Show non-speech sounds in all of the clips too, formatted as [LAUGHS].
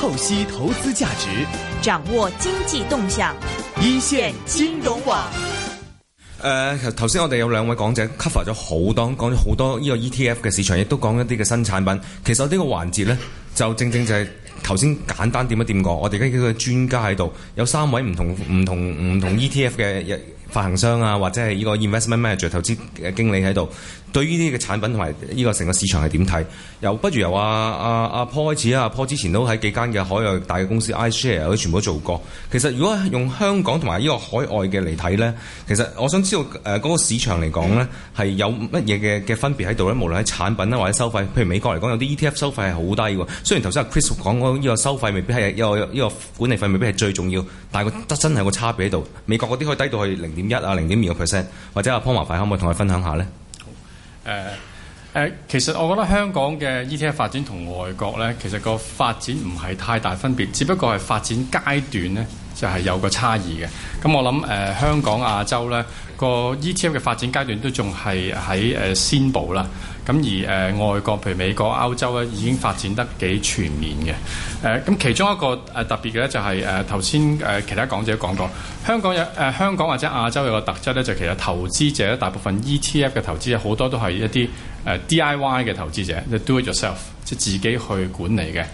透析投資價值，掌握經濟動向，一線金融網。誒、呃，頭先我哋有兩位講者 cover 咗好多，講咗好多呢個 ETF 嘅市場，亦都講一啲嘅新產品。其實個環節呢個環節咧，就正正就係頭先簡單掂一掂過。我哋而家幾個專家喺度，有三位唔同唔同唔同 ETF 嘅發行商啊，或者係呢個 investment manager 投資經理喺度。對於呢啲嘅產品同埋呢個成個市場係點睇？又不如由阿阿阿 Paul 開始啊！阿 Paul 之前都喺幾間嘅海外大嘅公司，iShare 嗰啲全部都做過。其實如果用香港同埋呢個海外嘅嚟睇咧，其實我想知道誒嗰、呃嗰個市場嚟講咧係有乜嘢嘅嘅分別喺度咧？無論喺產品啦或者收費，譬如美國嚟講有啲 ETF 收費係好低嘅。雖然頭先阿 Chris 講講呢個收費未必係又又呢個管理費未必係最重要，但係個真真係個差別喺度。美國嗰啲可以低到去零點一啊，零點二個 percent，或者阿 Paul，麻煩可唔可以同佢分享下咧？誒誒，uh, uh, 其實我覺得香港嘅 ETF 發展同外國咧，其實個發展唔係太大分別，只不過係發展階段咧就係、是、有個差異嘅。咁我諗誒，uh, 香港亞洲咧個 ETF 嘅發展階段都仲係喺誒先步啦。咁而誒、呃、外國，譬如美國、歐洲咧，已經發展得幾全面嘅。誒、呃、咁其中一個誒特別嘅咧、就是，就係誒頭先誒其他講者講過，香港有誒、呃、香港或者亞洲有個特質咧，就其實投資者大部分 E T F 嘅投資者好多都係一啲誒、呃、D I Y 嘅投資者 the do it yourself，即係自己去管理嘅。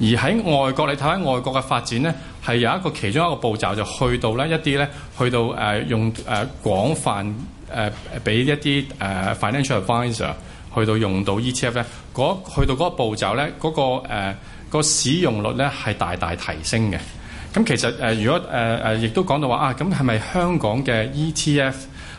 而喺外國，你睇下外國嘅發展咧，係有一個其中一個步驟，就去到咧一啲咧，去到誒、呃、用誒、呃、廣泛誒俾、呃、一啲誒、呃、financial advisor。去到用到 ETF 咧，嗰去到嗰個步驟咧，嗰、嗰個誒、呃嗰個、使用率咧係大大提升嘅。咁其實誒、呃、如果誒誒、呃、亦都講到話啊，咁係咪香港嘅 ETF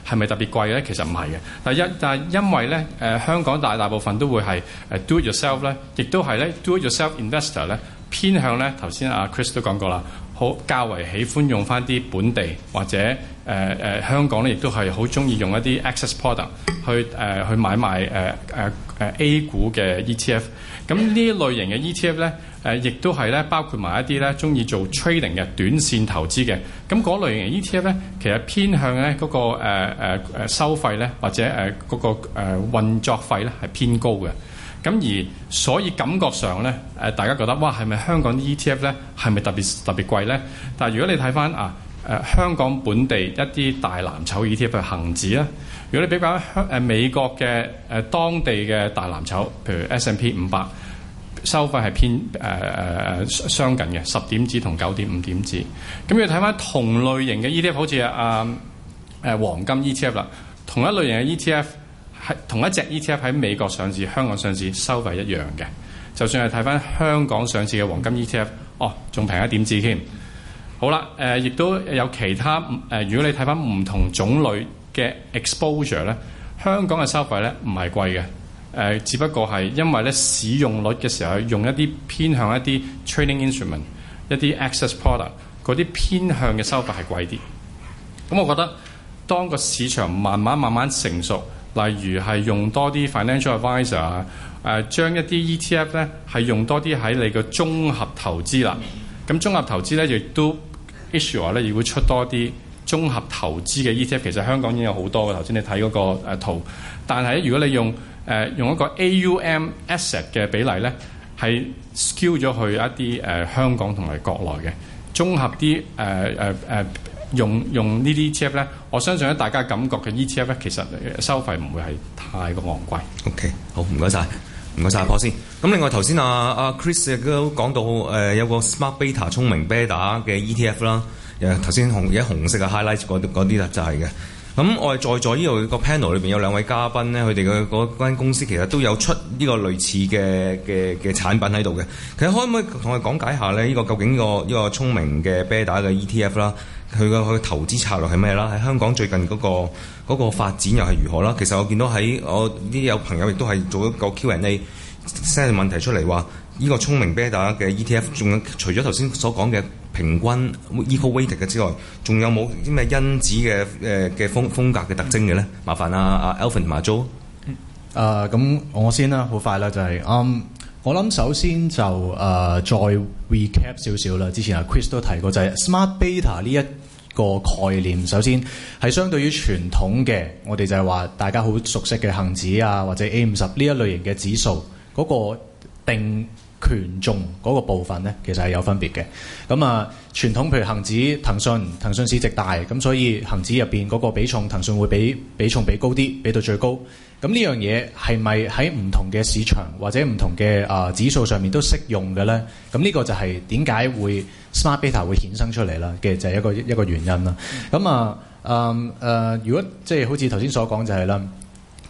係咪特別貴咧？其實唔係嘅。第一，但係因為咧誒、呃、香港大大部分都會係誒 do it yourself 咧，亦都係咧 do it yourself investor 咧，偏向咧頭先阿 Chris 都講過啦。好較為喜歡用翻啲本地或者誒誒、呃、香港咧、呃呃啊呃，亦都係好中意用一啲 access product 去誒去買賣誒誒誒 A 股嘅 ETF。咁呢一類型嘅 ETF 咧，誒亦都係咧包括埋一啲咧中意做 trading 嘅短線投資嘅。咁嗰類型嘅 ETF 咧，其實偏向咧、那、嗰個誒誒、呃呃、收費咧，或者誒、那、嗰個誒、呃、運作費咧係偏高嘅。咁而所以感覺上咧，誒大家覺得哇，係咪香港 ETF 咧係咪特別特別貴咧？但係如果你睇翻啊誒香港本地一啲大藍籌 ETF 嘅恒指咧，如果你比較誒美國嘅誒當地嘅大藍籌，譬如 S and P 五百，收費係偏誒誒相近嘅十點至同九點五點至。咁要睇翻同類型嘅 ETF，好似啊誒黃金 ETF 啦，同一類型嘅 ETF。係同一隻 ETF 喺美國上市、香港上市收費一樣嘅，就算係睇翻香港上市嘅黃金 ETF，哦，仲平一點子添。好啦，誒、呃，亦都有其他誒、呃。如果你睇翻唔同種類嘅 exposure 咧，香港嘅收費咧唔係貴嘅誒、呃，只不過係因為咧使用率嘅時候用一啲偏向一啲 training instrument 一啲 access product 嗰啲偏向嘅收費係貴啲。咁，我覺得當個市場慢慢慢慢成熟。例如係用多啲 financial advisor 啊、呃，誒將一啲 ETF 咧係用多啲喺你嘅綜合投資啦。咁綜合投資咧亦都 issuer 咧亦會出多啲綜合投資嘅 ETF。其實香港已經有好多嘅，頭先你睇嗰個誒圖。但係如果你用誒、呃、用一個 AUM asset 嘅比例咧，係 skill 咗去一啲誒、呃、香港同埋國內嘅綜合啲誒誒誒。呃呃呃用用呢啲 ETF 咧，我相信咧大家感覺嘅 ETF 咧，其實收費唔會係太過昂貴。OK，好，唔該晒，唔該晒。阿波先。咁 Okay. 另外頭先啊啊 Chris 都講到誒、呃、有個 Smart Beta 聰明 Beta 嘅 ETF 啦。誒頭先紅而家紅色嘅 highlight 嗰嗰啲啦就係嘅。咁我哋在座呢度個 panel 裏邊有兩位嘉賓咧，佢哋嘅嗰間公司其實都有出呢個類似嘅嘅嘅產品喺度嘅。其實可唔可以同我哋講解下咧？呢個究竟、呢個呢、呢個聰明嘅 Beta 嘅 ETF 啦？佢個佢投資策略係咩啦？喺香港最近嗰、嗰個嗰、嗰個、發展又係如何啦？其實我見到喺我啲有朋友亦都係做一個 Q&A，send 問題出嚟話：呢、呢個聰明 Beta 嘅 ETF，仲除咗頭先所講嘅平均 equal weighting 嘅之外，仲有冇啲咩因子嘅誒嘅風風格嘅特徵嘅咧？麻煩啊阿 Alvin 同埋 Joe。誒、啊啊，咁、呃、我先啦，好快啦，就係、是呃，我諗首先就誒、呃、再 recap 少少啦。之前阿、啊、Chris 都提過就係、是、Smart Beta 呢一個概念首先係相對於傳統嘅，我哋就係話大家好熟悉嘅恒指啊，或者 A 五十呢一類型嘅指數，嗰個定權重嗰個部分呢，其實係有分別嘅。咁啊，傳統譬如恒指，騰訊騰訊市值大，咁所以恒指入邊嗰個比重，騰訊會比比重比高啲，比到最高。咁呢樣嘢係咪喺唔同嘅市場或者唔同嘅啊、呃、指數上面都適用嘅咧？咁呢個就係點解會 Smart Beta 會衍生出嚟啦？嘅就係一個一個原因啦。咁啊、嗯，嗯誒、呃呃，如果即係、就是、好似頭先所講就係、是、啦，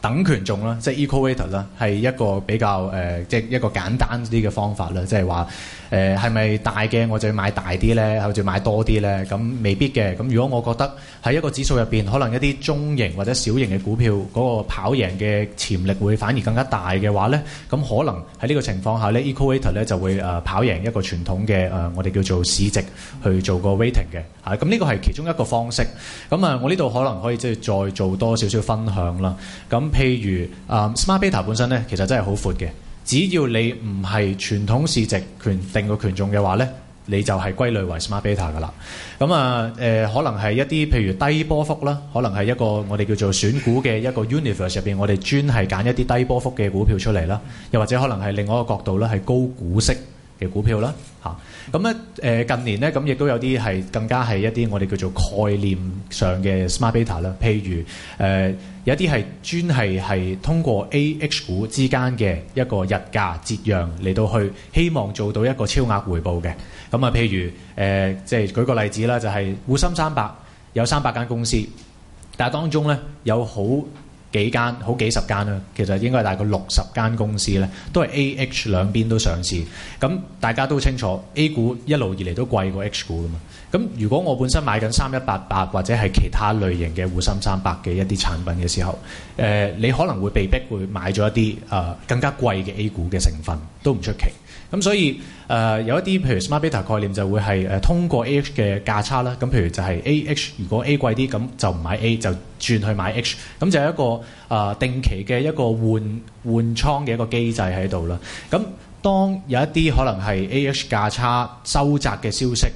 等權重啦，即、就、係、是、Equal Weighted 啦，係一個比較誒，即、呃、係、就是、一個簡單啲嘅方法啦，即係話。誒係咪大嘅我就要買大啲呢？或者買多啲呢？咁未必嘅。咁如果我覺得喺一個指數入邊，可能一啲中型或者小型嘅股票嗰個跑贏嘅潛力會反而更加大嘅話呢，咁可能喺呢個情況下呢，Equator 呢就會誒、呃、跑贏一個傳統嘅誒、呃、我哋叫做市值去做個 waiting 嘅嚇。咁、啊、呢個係其中一個方式。咁啊、呃，我呢度可能可以即係再做多少少分享啦。咁譬如啊、呃、Smart Beta 本身呢，其實真係好闊嘅。只要你唔係傳統市值權定個權重嘅話呢，你就係歸類為 Smart Beta 嘅啦。咁、嗯、啊，誒、呃、可能係一啲譬如低波幅啦，可能係一個我哋叫做選股嘅一個 universe 入邊，我哋專係揀一啲低波幅嘅股票出嚟啦。又或者可能係另外一個角度咧，係高股息。嘅股票啦，嚇、啊，咁咧誒近年咧，咁亦都有啲係更加係一啲我哋叫做概念上嘅 smart beta 啦，譬如誒、啊、有啲係專係係通過 AH 股之間嘅一個日價折讓嚟到去希望做到一個超額回報嘅，咁啊譬如誒即係舉個例子啦，就係滬深三百有三百間公司，但係當中咧有好幾間好幾十間啦，其實應該大概六十間公司咧，都係 A H 兩邊都上市。咁大家都清楚，A 股一路以嚟都貴過 H 股噶嘛。咁如果我本身買緊三一八八或者係其他類型嘅滬深三百嘅一啲產品嘅時候，誒、呃、你可能會被逼會買咗一啲誒、呃、更加貴嘅 A 股嘅成分，都唔出奇。咁所以誒、呃、有一啲譬如 Smart Beta 概念就會係誒、呃、通過 AH 嘅價差啦，咁譬如就係 AH 如果 A 貴啲咁就唔買 A 就轉去買 H，咁就係一個誒、呃、定期嘅一個換換倉嘅一個機制喺度啦。咁當有一啲可能係 AH 價差收窄嘅消息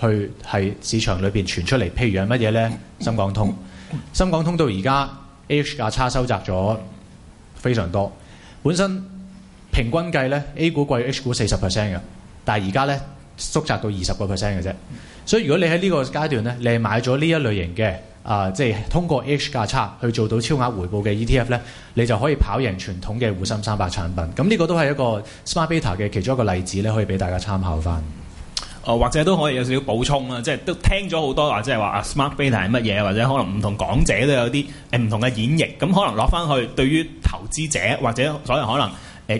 去係市場裏邊傳出嚟，譬如係乜嘢咧？深港通， [COUGHS] 深港通到而家 [COUGHS] AH 價差收窄咗非常多，本身。平均計咧，A 股貴 H 股四十 percent 嘅，但係而家咧縮窄到二十個 percent 嘅啫。所以如果你喺呢個階段咧，你係買咗呢一類型嘅啊、呃，即係通過 H 價差去做到超額回報嘅 ETF 咧，你就可以跑贏傳統嘅滬深三百產品。咁呢個都係一個 Smart Beta 嘅其中一個例子咧，可以俾大家參考翻。哦、呃，或者都可以有少少補充啊，即係都聽咗好多話，即係話啊 Smart Beta 係乜嘢，或者可能唔同講者都有啲誒唔同嘅演繹。咁可能落翻去對於投資者或者所有可能。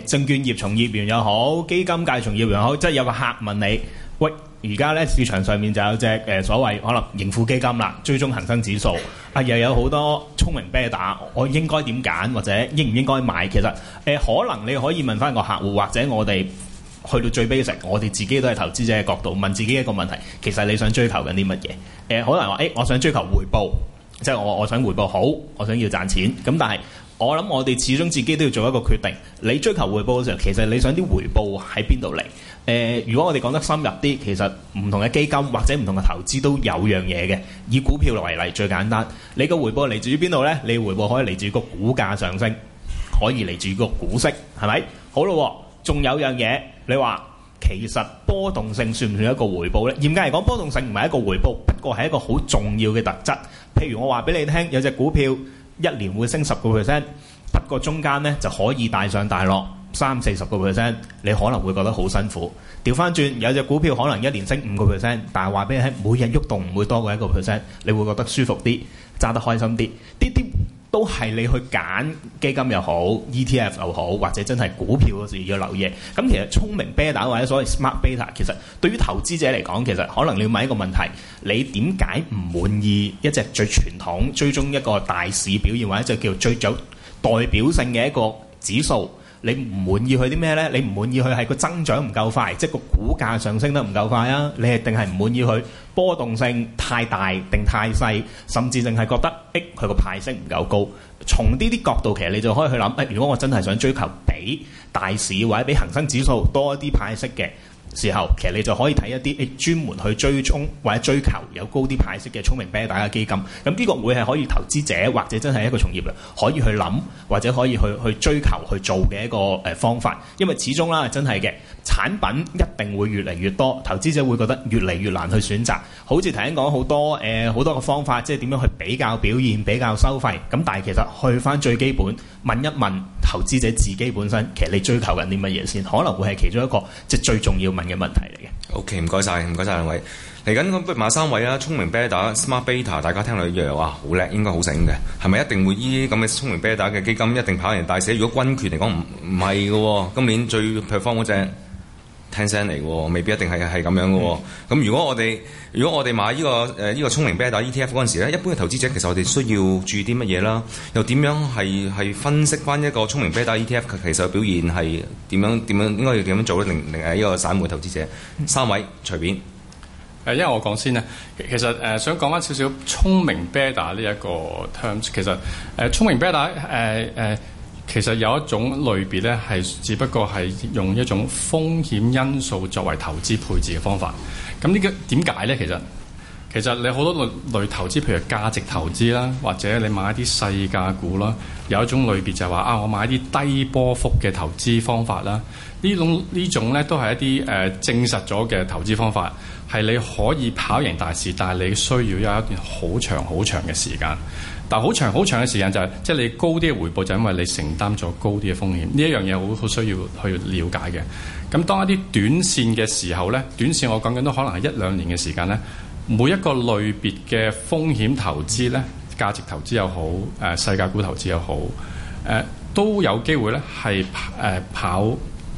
誒，證券業從業員又好，基金界從業員又好，即係有個客問你：喂，而家呢市場上面就有隻誒所謂可能盈富基金啦，追蹤恒生指數啊，又有好多聰明啤打，我應該點揀或者應唔應該買？其實誒，可能你可以問翻個客戶，或者我哋去到最 basic，我哋自己都係投資者嘅角度問自己一個問題：其實你想追求緊啲乜嘢？誒，可能話誒，我想追求回報，即係我我想回報好，我想要賺錢。咁但係。我諗我哋始終自己都要做一個決定。你追求回報嘅時候，其實你想啲回報喺邊度嚟？誒、呃，如果我哋講得深入啲，其實唔同嘅基金或者唔同嘅投資都有樣嘢嘅。以股票為例，最簡單，你個回報嚟自於邊度呢？你回報可以嚟自於個股價上升，可以嚟自於個股息，係咪？好啦、哦，仲有樣嘢，你話其實波動性算唔算一個回報呢？嚴格嚟講，波動性唔係一個回報，不過係一個好重要嘅特質。譬如我話俾你聽，有隻股票。一年會升十個 percent，不過中間呢就可以大上大落三四十個 percent，你可能會覺得好辛苦。調翻轉有隻股票可能一年升五個 percent，但係話俾你聽，每日喐動唔會多過一個 percent，你會覺得舒服啲，揸得開心啲，啲啲。都係你去揀基金又好，ETF 又好，或者真係股票嗰時要留意。咁其實聰明 beta 或者所謂 smart beta，其實對於投資者嚟講，其實可能你要問一個問題：你點解唔滿意一隻最傳統追蹤一個大市表現或者就叫最有代表性嘅一個指數？你唔滿意佢啲咩呢？你唔滿意佢係個增長唔夠快，即係個股價上升得唔夠快啊？你係定係唔滿意佢波動性太大定太細？甚至淨係覺得誒佢個派息唔夠高。從呢啲角度其實你就可以去諗誒，如果我真係想追求比大市或者比恒生指數多一啲派息嘅時候，其實你就可以睇一啲誒專門去追蹤或者追求有高啲派息嘅聰明 beta 嘅基金，咁呢個會係可以投資者或者真係一個從業人可以去諗或者可以去去追求去做嘅一個誒、呃、方法，因為始終啦，真係嘅。產品一定會越嚟越多，投資者會覺得越嚟越難去選擇。好似頭先講好多誒，好、呃、多個方法，即係點樣去比較表現、比較收費。咁但係其實去翻最基本問一問投資者自己本身，其實你追求緊啲乜嘢先，可能會係其中一個即係最重要問嘅問題嚟嘅。OK，唔該晒，唔該晒。兩位。嚟緊咁，不如馬三位啊，聰明 beta、smart beta，大家聽落一樣哇，好、啊、叻，應該好醒嘅。係咪一定會依啲咁嘅聰明 beta 嘅基金一定跑贏大市？如果均權嚟講唔唔係嘅喎，今年最 popular 嗰隻。嗯聽聲嚟喎，未必一定係係咁樣嘅喎。咁、mm hmm. 如果我哋如果我哋買呢、呢個誒依、呃呢個聰明 beta ETF 嗰陣時咧，一般嘅投資者其實我哋需要注意啲乜嘢啦？又點樣係係分析翻一個聰明 beta ETF 其實表現係點樣點樣應該要點樣做咧？另另外一個散戶投資者，三位隨便。誒，因為我講先咧，其實誒想講翻少少聰明 beta 呢一個 terms，其實誒、呃、聰明 beta 誒誒。呃呃其實有一種類別咧，係只不過係用一種風險因素作為投資配置嘅方法。咁呢個點解呢？其實其實你好多類類投資，譬如價值投資啦，或者你買一啲細價股啦，有一種類別就係話啊，我買一啲低波幅嘅投資方法啦。呢種呢種咧，都係一啲誒證實咗嘅投資方法，係、呃、你可以跑贏大市，但係你需要有一段好長好長嘅時間。好長好長嘅時間就係、是，即係你高啲嘅回報就因為你承擔咗高啲嘅風險，呢一樣嘢好好需要去了解嘅。咁當一啲短線嘅時候咧，短線我講緊都可能係一兩年嘅時間呢，每一個類別嘅風險投資呢，價值投資又好，誒世界股投資又好，誒、呃、都有機會呢係誒跑誒輸、呃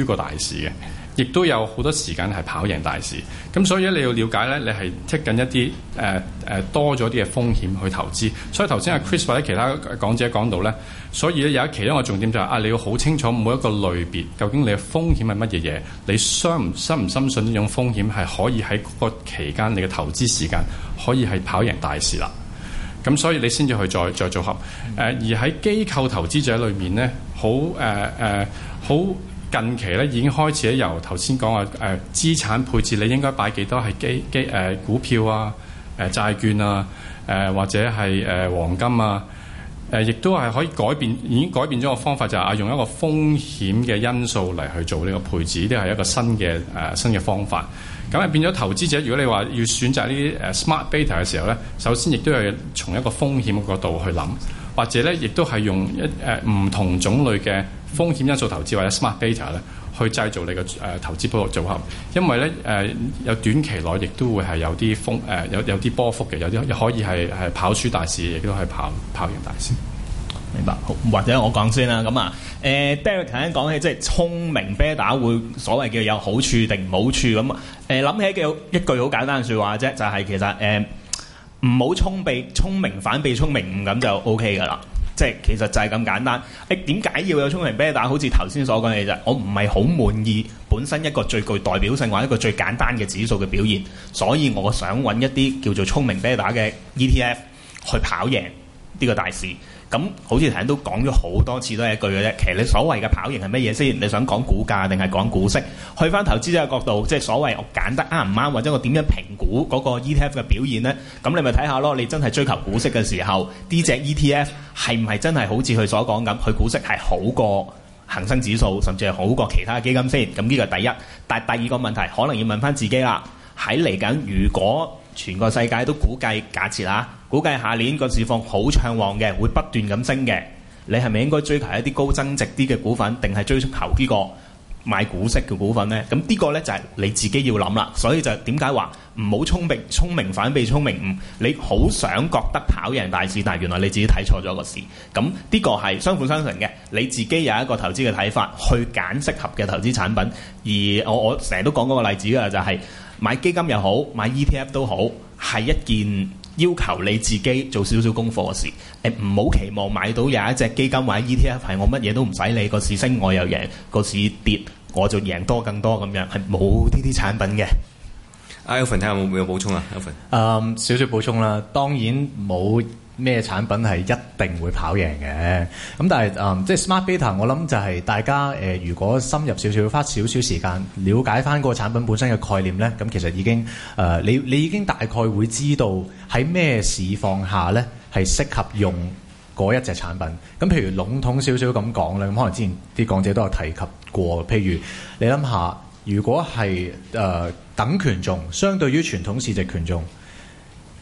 呃、過大市嘅。亦都有好多時間係跑贏大市。咁所以咧你要了解咧，你係剔緊一啲誒誒多咗啲嘅風險去投資，所以頭先阿 Chris 或者其他講者講到咧，所以咧有一其中一個重點就係、是、啊，你要好清楚每一個類別究竟你嘅風險係乜嘢嘢，你相唔相唔相信呢種風險係可以喺嗰個期間你嘅投資時間可以係跑贏大市啦，咁所以你先至去再再組合，誒、呃、而喺機構投資者裏面咧，好誒誒好。呃呃近期咧已經開始咧由頭先講話誒資產配置，你應該擺幾多係基基誒股票啊誒債券啊誒或者係誒、呃、黃金啊誒，亦、呃、都係可以改變已經改變咗個方法、就係，就、啊、係用一個風險嘅因素嚟去做呢個配置，呢係一個新嘅誒、啊、新嘅方法。咁啊變咗投資者，如果你話要選擇呢啲誒 smart beta 嘅時候咧，首先亦都係從一個風險角度去諗，或者咧亦都係用一誒唔、啊、同種類嘅。風險因素投資或者 smart beta 咧，去製造你嘅誒、呃、投資組合，因為咧誒、呃、有短期內亦都會係有啲風誒、呃、有有啲波幅嘅，有啲又可以係係跑輸大市，亦都係跑跑贏大市。明白，好或者我講先啦，咁啊誒，David 頭先講起即係、就是、聰明 beta 會所謂叫有好處定唔好處咁誒，諗、呃、起嘅一句好簡單説話啫，就係、是、其實誒唔好聰被聰明反被聰明，咁就 OK 噶啦。即係其實就係咁簡單。誒點解要有聰明 beta？好似頭先所講嘅就係，我唔係好滿意本身一個最具代表性或一個最簡單嘅指數嘅表現，所以我想揾一啲叫做聰明 beta 嘅 ETF 去跑贏呢個大市。咁好似大家都講咗好多次都係一句嘅啫。其實你所謂嘅跑贏係乜嘢先？你想講股價定係講股息？去翻投資者角度，即係所謂我揀得啱唔啱，或者我點樣評估嗰個 ETF 嘅表現呢？咁你咪睇下咯。你真係追求股息嘅時候，呢隻 ETF 係唔係真係好似佢所講咁？佢股息係好過恒生指數，甚至係好過其他基金先。咁呢個第一。但第二個問題，可能要問翻自己啦。喺嚟緊，如果全個世界都估計假設啊？估計下年個市況好暢旺嘅，會不斷咁升嘅。你係咪應該追求一啲高增值啲嘅股份，定係追求呢個買股息嘅股份呢？咁呢個呢，就係你自己要諗啦。所以就點解話唔好聰明，聰明反被聰明誤？你好想覺得跑贏大市，但係原來你自己睇錯咗個市。咁呢個係相輔相成嘅。你自己有一個投資嘅睇法，去揀適合嘅投資產品。而我我成日都講嗰個例子嘅就係買基金又好，買 ETF 都好，係一件要求你自己做少少功課嘅事，誒，唔好期望買到有一隻基金或者 ETF 係我乜嘢都唔使理。個市升我又贏，個市跌我就贏多更多咁樣，係冇呢啲產品嘅。Ivan 睇下有冇有補充啊？Ivan，誒，少少補充啦，當然冇。咩產品係一定會跑贏嘅？咁、嗯、但係誒、嗯，即係 Smart Beta，我諗就係大家誒、呃，如果深入少少，花少少時間了解翻個產品本身嘅概念呢。咁、嗯、其實已經誒、呃，你你已經大概會知道喺咩市況下呢，係適合用嗰一隻產品。咁、嗯、譬如籠統少少咁講咧，咁、嗯、可能之前啲講者都有提及過，譬如你諗下，如果係誒、呃、等權重，相對於傳統市值權重。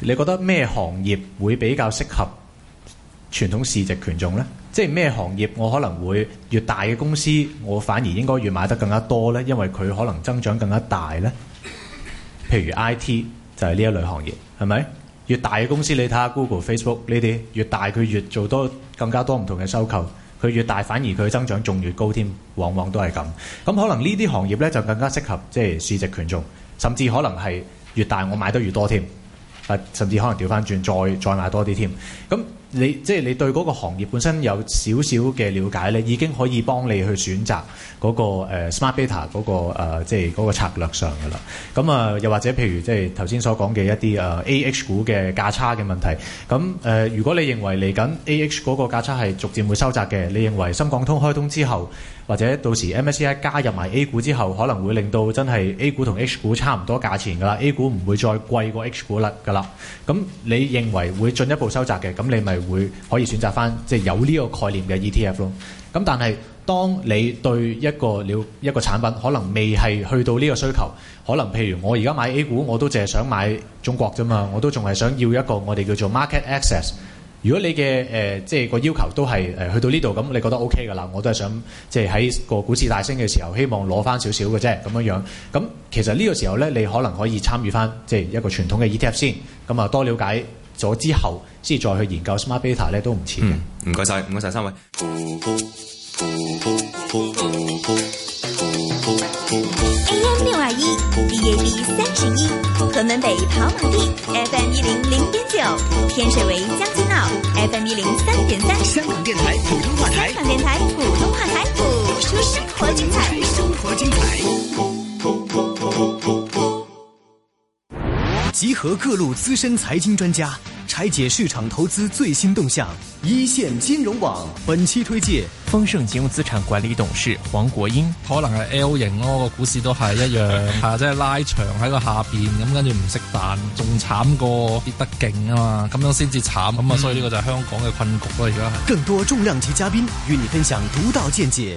你覺得咩行業會比較適合傳統市值權重呢？即係咩行業？我可能會越大嘅公司，我反而應該越買得更加多呢？因為佢可能增長更加大呢。譬如 IT 就係呢一類行業，係咪越大嘅公司？你睇下 Google、Facebook 呢啲，越大佢越做多更加多唔同嘅收購，佢越大反而佢增長仲越高添，往往都係咁。咁可能呢啲行業呢，就更加適合即係市值權重，甚至可能係越大我買得越多添。啊，甚至可能調翻轉，再再買多啲添，咁、嗯。你即係你對嗰個行業本身有少少嘅了解咧，你已經可以幫你去選擇嗰、那個、呃、Smart Beta 嗰、那個、呃、即係嗰、那個、策略上噶啦。咁啊、呃，又或者譬如即係頭先所講嘅一啲誒 AH 股嘅價差嘅問題。咁誒、呃，如果你認為嚟緊 AH 嗰個價差係逐漸會收窄嘅，你認為深港通開通之後，或者到時 MSCI 加入埋 A 股之後，可能會令到真係 A 股同 H 股差唔多價錢噶啦，A 股唔會再貴過 H 股甩噶啦。咁你認為會進一步收窄嘅，咁你咪會可以選擇翻即係有呢個概念嘅 ETF 咯。咁但係當你對一個了一個產品可能未係去到呢個需求，可能譬如我而家買 A 股，我都淨係想買中國啫嘛，我都仲係想要一個我哋叫做 market access。如果你嘅誒即係個要求都係誒、呃、去到呢度，咁你覺得 OK 㗎啦。我都係想即係喺個股市大升嘅時候，希望攞翻少少嘅啫咁樣樣。咁其實呢個時候呢，你可能可以參與翻即係一個傳統嘅 ETF 先。咁啊，多了解咗之後，先再去研究 Smart Beta 咧、嗯，都唔遲嘅。唔該晒，唔該晒，三位。AM 六二一，BAB 三十一，屯門北跑馬地，FM 一零零點九，10, 天水圍將軍澳，FM 一零三點三。3, 香港電台普通話台。香港電台普通話台，播、哦、出生活精彩。生活精彩。集合各路資深財經專家，拆解市場投資最新動向。一線金融網本期推介：豐盛金融資產管理董事黃國英，可能係 L 型咯、哦，個股市都係一樣，係 [LAUGHS] 即係拉長喺個下邊，咁跟住唔識彈，仲慘過跌得勁啊嘛，咁樣先至慘，咁啊、嗯、所以呢個就係香港嘅困局咯。而家係更多重量級嘉賓與你分享獨到見解。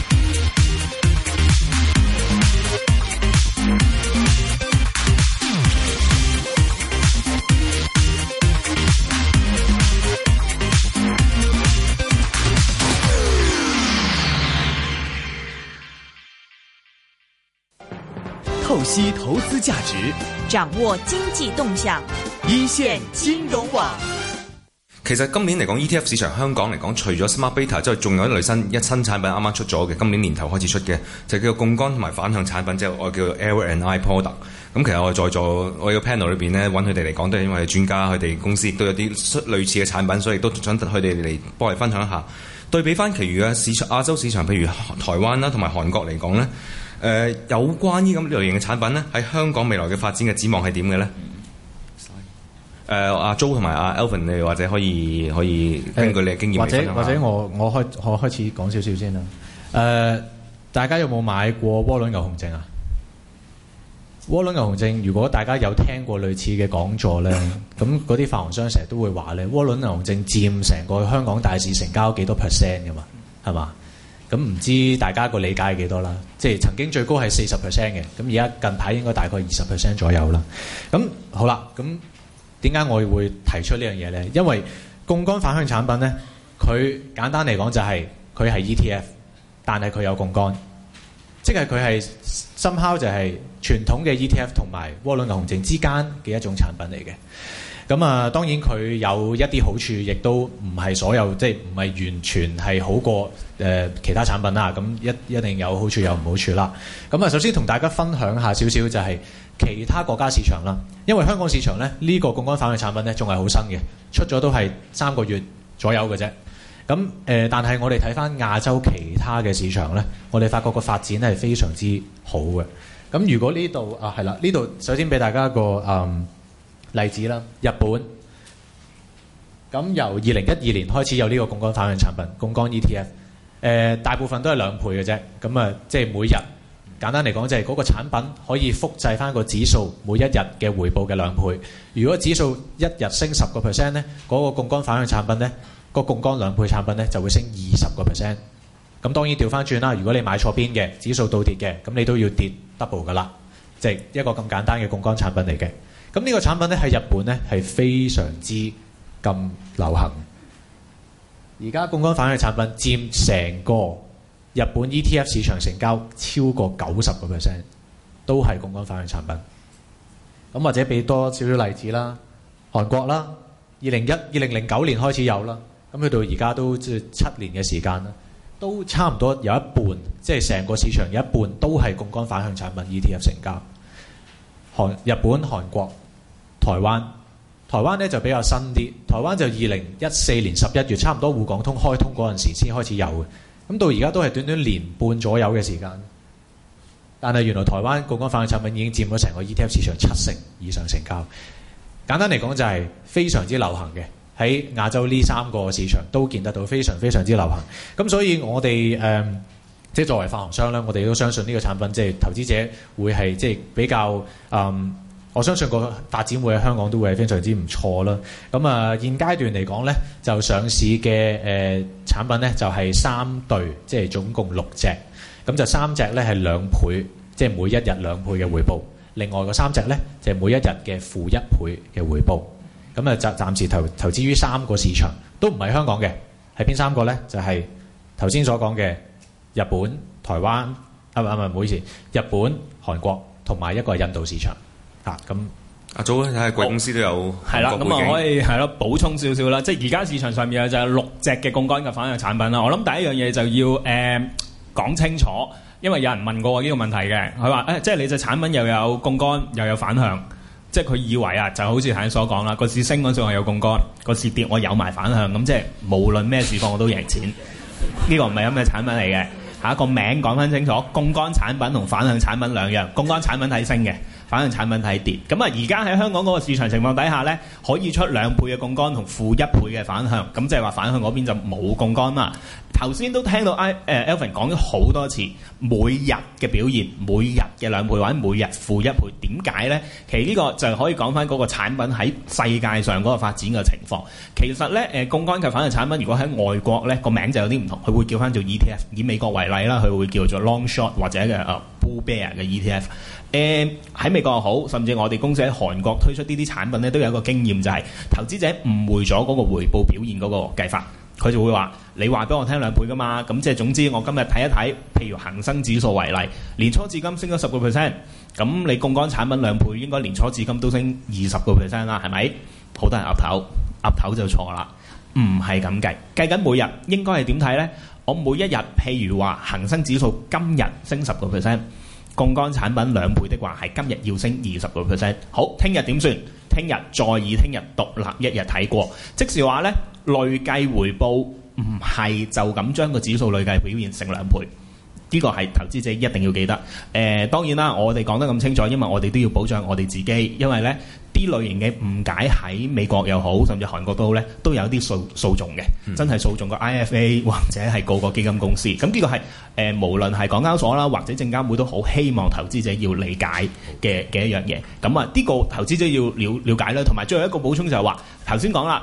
透析投資價值，掌握經濟動向，一線金融網。其實今年嚟講，ETF 市場香港嚟講，除咗 Smart Beta 之外，仲有一類新一新產品，啱啱出咗嘅。今年年頭開始出嘅，就叫做槓桿同埋反向產品，即係我叫 L&I product。咁、嗯、其實我係在座我個 panel 裏邊咧，揾佢哋嚟講，都係因為專家，佢哋公司亦都有啲類似嘅產品，所以都想佢哋嚟幫我哋分享一下。對比翻其餘嘅市場，亞洲市場，譬如台灣啦，同埋韓國嚟講咧。誒、呃、有關於咁類型嘅產品咧，喺香港未來嘅發展嘅展望係點嘅咧？誒、嗯，阿、呃啊、Jo 同埋、啊、阿 Alvin，你或者可以可以根據你嘅經驗、欸、或者或者我我開我開始講少少先啦。誒、呃，大家有冇買過窩輪牛熊證啊？窩輪牛熊證，如果大家有聽過類似嘅講座咧，咁嗰啲發行商成日都會話咧，窩輪牛熊證佔成個香港大市成交幾多 percent 㗎嘛？係嘛？咁唔知大家個理解係幾多啦？即係曾經最高係四十 percent 嘅，咁而家近排應該大概二十 percent 左右啦。咁好啦，咁點解我會提出呢樣嘢呢？因為槓桿反向產品呢，佢簡單嚟講就係、是、佢係 ETF，但係佢有槓桿，即係佢係 somehow 就係傳統嘅 ETF 同埋窩輪牛熊證之間嘅一種產品嚟嘅。咁啊，當然佢有一啲好處，亦都唔係所有，即係唔係完全係好過誒、呃、其他產品啦。咁一一定有好處，有唔好處啦。咁啊，首先同大家分享下少少，就係其他國家市場啦。因為香港市場呢，呢、這個槓桿反嘅產品呢，仲係好新嘅，出咗都係三個月左右嘅啫。咁誒、呃，但係我哋睇翻亞洲其他嘅市場呢，我哋發覺個發展咧係非常之好嘅。咁如果呢度啊，係啦，呢度首先俾大家一個誒。嗯例子啦，日本咁由二零一二年開始有呢個槓桿反向產品槓桿 ETF，誒、呃、大部分都係兩倍嘅啫。咁啊，即係每日簡單嚟講，就係嗰個產品可以複製翻個指數每一日嘅回報嘅兩倍。如果指數一日升十個 percent 咧，嗰個槓桿反向產品咧，個槓桿兩倍產品咧就會升二十個 percent。咁當然調翻轉啦，如果你買錯邊嘅指數倒跌嘅，咁你都要跌 double 噶啦，即係一個咁簡單嘅槓桿產品嚟嘅。咁呢個產品咧，喺日本咧係非常之咁流行。而家槓桿反向產品佔成個日本 ETF 市場成交超過九十個 percent，都係槓桿反向產品。咁或者俾多少少例子啦，韓國啦，二零一二零零九年開始有啦，咁去到而家都即係、就是、七年嘅時間啦，都差唔多有一半，即係成個市場有一半都係槓桿反向產品 ETF 成交。韓日本韓國。台灣呢，台灣咧就比較新啲。台灣就二零一四年十一月，差唔多滬港通開通嗰陣時先開始有嘅。咁到而家都係短短年半左右嘅時間。但係原來台灣槓桿化嘅產品已經佔咗成個 ETF 市場七成以上成交。簡單嚟講就係非常之流行嘅，喺亞洲呢三個市場都見得到，非常非常之流行。咁所以我哋誒，即、嗯就是、作為發行商咧，我哋都相信呢個產品即係、就是、投資者會係即係比較誒。嗯我相信個發展會喺香港都會係非常之唔錯啦。咁啊，現階段嚟講呢，就上市嘅誒、呃、產品呢，就係、是、三對，即、就、係、是、總共六隻。咁就三隻呢，係兩倍，即、就、係、是、每一日兩倍嘅回報。另外嗰三隻呢，就係、是、每一日嘅負一倍嘅回報。咁啊，暫暫時投投資於三個市場，都唔係香港嘅，係邊三個呢？就係頭先所講嘅日本、台灣啊，唔唔唔，唔好意思，日本、韓國同埋一個印度市場。啊，咁阿祖咧喺貴公司都有係啦，咁啊可以係咯補充少少啦。即係而家市場上面啊，就有六隻嘅槓桿及反向產品啦。我諗第一樣嘢，就要誒、呃、講清楚，因為有人問過我呢個問題嘅，佢話誒即係你隻產品又有槓桿又有反向，即係佢以為啊就好似頭先所講啦，個市升嗰陣我有槓桿，個市跌我有埋反向，咁即係無論咩市況我都贏錢。呢 [LAUGHS] 個唔係咁嘅產品嚟嘅，下一個名講翻清楚，槓桿產品同反向產品兩樣，槓桿產品睇升嘅。反向產品睇跌，咁啊而家喺香港嗰個市場情況底下呢，可以出兩倍嘅槓桿同負一倍嘅反向，咁即係話反向嗰邊就冇槓桿嘛。頭先都聽到 Alvin 講咗好多次，每日嘅表現，每日嘅兩倍或者每日負一倍，點解呢？其實呢個就可以講翻嗰個產品喺世界上嗰個發展嘅情況。其實呢，誒，槓桿嘅反向產品如果喺外國呢個名就有啲唔同，佢會叫翻做 ETF。以美國為例啦，佢會叫做 Long Short 或者嘅布貝爾嘅 ETF，誒喺美國又好，甚至我哋公司喺韓國推出呢啲產品咧，都有一個經驗就係、是、投資者誤會咗嗰個回報表現嗰個計法，佢就會話：你話俾我聽兩倍噶嘛，咁即係總之我今日睇一睇，譬如恒生指數為例，年初至今升咗十個 percent，咁你槓桿產品兩倍應該年初至今都升二十個 percent 啦，係咪？好多人岌頭，岌頭就錯啦，唔係咁計，計緊每日應該係點睇呢？我每一日，譬如話恒生指數今日升十個 percent，槓桿產品兩倍的話，係今日要升二十個 percent。好，聽日點算？聽日再以聽日獨立一日睇過，即是話呢，累計回報唔係就咁將個指數累計表現成兩倍，呢、這個係投資者一定要記得。誒、呃，當然啦，我哋講得咁清楚，因為我哋都要保障我哋自己，因為呢啲類型嘅誤解喺美國又好，甚至韓國都好咧，都有啲訴訴訟嘅，嗯、真係訴訟個 IFA 或者係個個基金公司。咁呢個係誒、呃、無論係港交所啦，或者證監會都好希望投資者要理解嘅嘅一樣嘢。咁啊、嗯、呢、呢個投資者要了了解啦。同埋最後一個補充就係話，頭先講啦。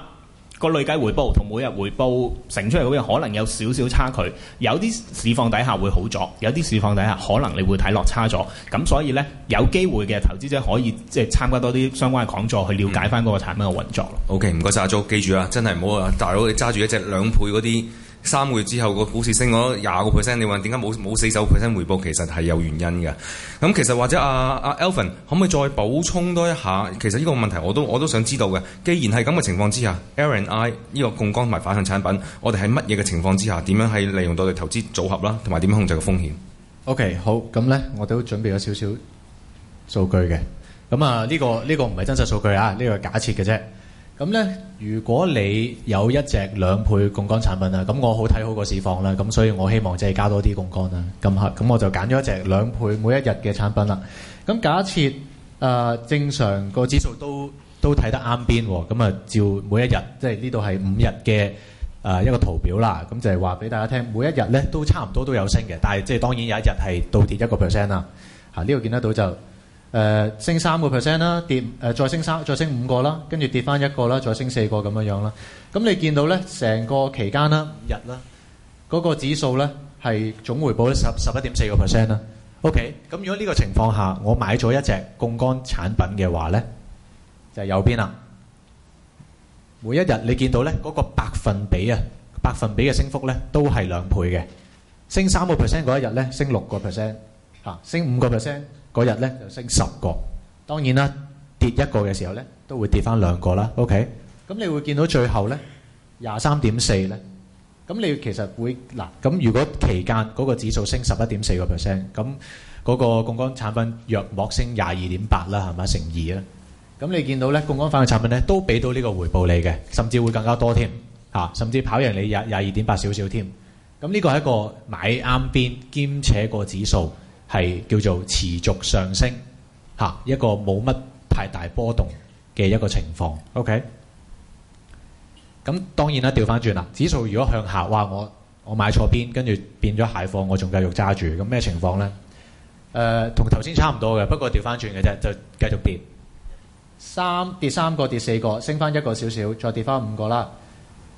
個累計回報同每日回報乘出嚟嗰樣可能有少少差距，有啲市況底下會好咗，有啲市況底下可能你會睇落差咗，咁所以呢，有機會嘅投資者可以即係參加多啲相關嘅講座去了解翻嗰個產品嘅運作、嗯、OK，唔該晒阿 Jo，記住啊，真係唔好啊，大佬你揸住一隻兩倍嗰啲。三個月之後個股市升咗廿個 percent，你話點解冇冇四十 percent 回報？其實係有原因嘅。咁其實或者阿阿 Alvin 可唔可以再補充多一下？其實呢個問題我都我都想知道嘅。既然係咁嘅情況之下，L&I 呢個槓桿同埋反向產品，我哋喺乜嘢嘅情況之下？點樣係利用到佢投資組合啦，同埋點樣控制個風險？OK，好咁咧，我都準備咗少少數據嘅。咁啊、呢個，呢、呢個呢個唔係真實數據啊，呢、呢個係假設嘅啫。咁咧，如果你有一隻兩倍槓桿產品啊，咁我好睇好個市況啦，咁所以我希望即係加多啲槓桿啦。咁嚇，咁我就揀咗一隻兩倍每一日嘅產品啦。咁假設誒、呃、正常個指數都都睇得啱邊喎，咁啊，照每一日即係呢度係五日嘅誒一個圖表啦。咁就係話俾大家聽，每一日咧都差唔多都有升嘅，但係即係當然有一日係倒跌一個 percent 啦。嚇呢度見得到就。誒、呃、升三個 percent 啦，跌誒再升三，再升五個啦、啊，跟住跌翻一個啦、啊，再升四個咁樣樣、啊、啦。咁、嗯、你見到咧，成個期間啦，五日啦，嗰個指數咧係總回報咧十十一點四個 percent 啦。啊、OK，咁、嗯、如果呢個情況下，我買咗一隻槓桿產品嘅話咧，就係、是、右邊啦、啊。每一日你見到咧嗰、那個百分比啊，百分比嘅升幅咧都係兩倍嘅，升三個 percent 嗰一日咧升六個 percent，嚇升五個 percent。嗰日咧就升十個，當然啦，跌一個嘅時候咧都會跌翻兩個啦。OK，咁你會見到最後咧廿三點四咧，咁、嗯、你其實會嗱，咁如果期間嗰個指數升十一點四個 percent，咁嗰個槓桿產品若莫升廿二點八啦，係咪乘二啊？咁你見到咧槓桿反嘅產品咧都俾到呢個回報你嘅，甚至會更加多添嚇、啊，甚至跑贏你廿廿二點八少少添。咁呢個係一個買啱邊兼且個指數。係叫做持續上升，嚇一個冇乜太大波動嘅一個情況。OK，咁當然啦，調翻轉啦，指數如果向下，哇！我我買錯邊，跟住變咗蟹貨，我仲繼續揸住，咁咩情況呢？誒，同頭先差唔多嘅，不過調翻轉嘅啫，就繼續跌三，跌三個跌四個，升翻一個少少，再跌翻五個啦。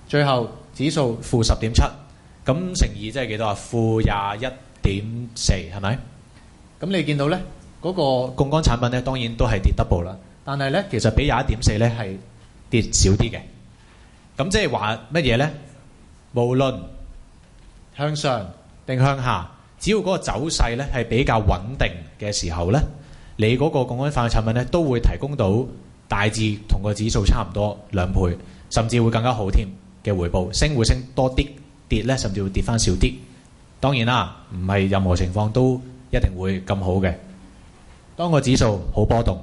最後指數負十點七，咁乘二即係幾多啊？負廿一點四係咪？咁你見到呢嗰、那個槓桿產品呢，當然都係跌 double 啦。但係呢，其實比廿一點四呢係是跌少啲嘅。咁即係話乜嘢呢？無論向上定向下，只要嗰個走勢呢係比較穩定嘅時候呢，你嗰個槓桿化嘅產品呢都會提供到大致同個指數差唔多兩倍，甚至會更加好添嘅回報。升會升多啲，跌呢甚至會跌返少啲。當然啦，唔係任何情況都一定會咁好嘅。當個指數好波動，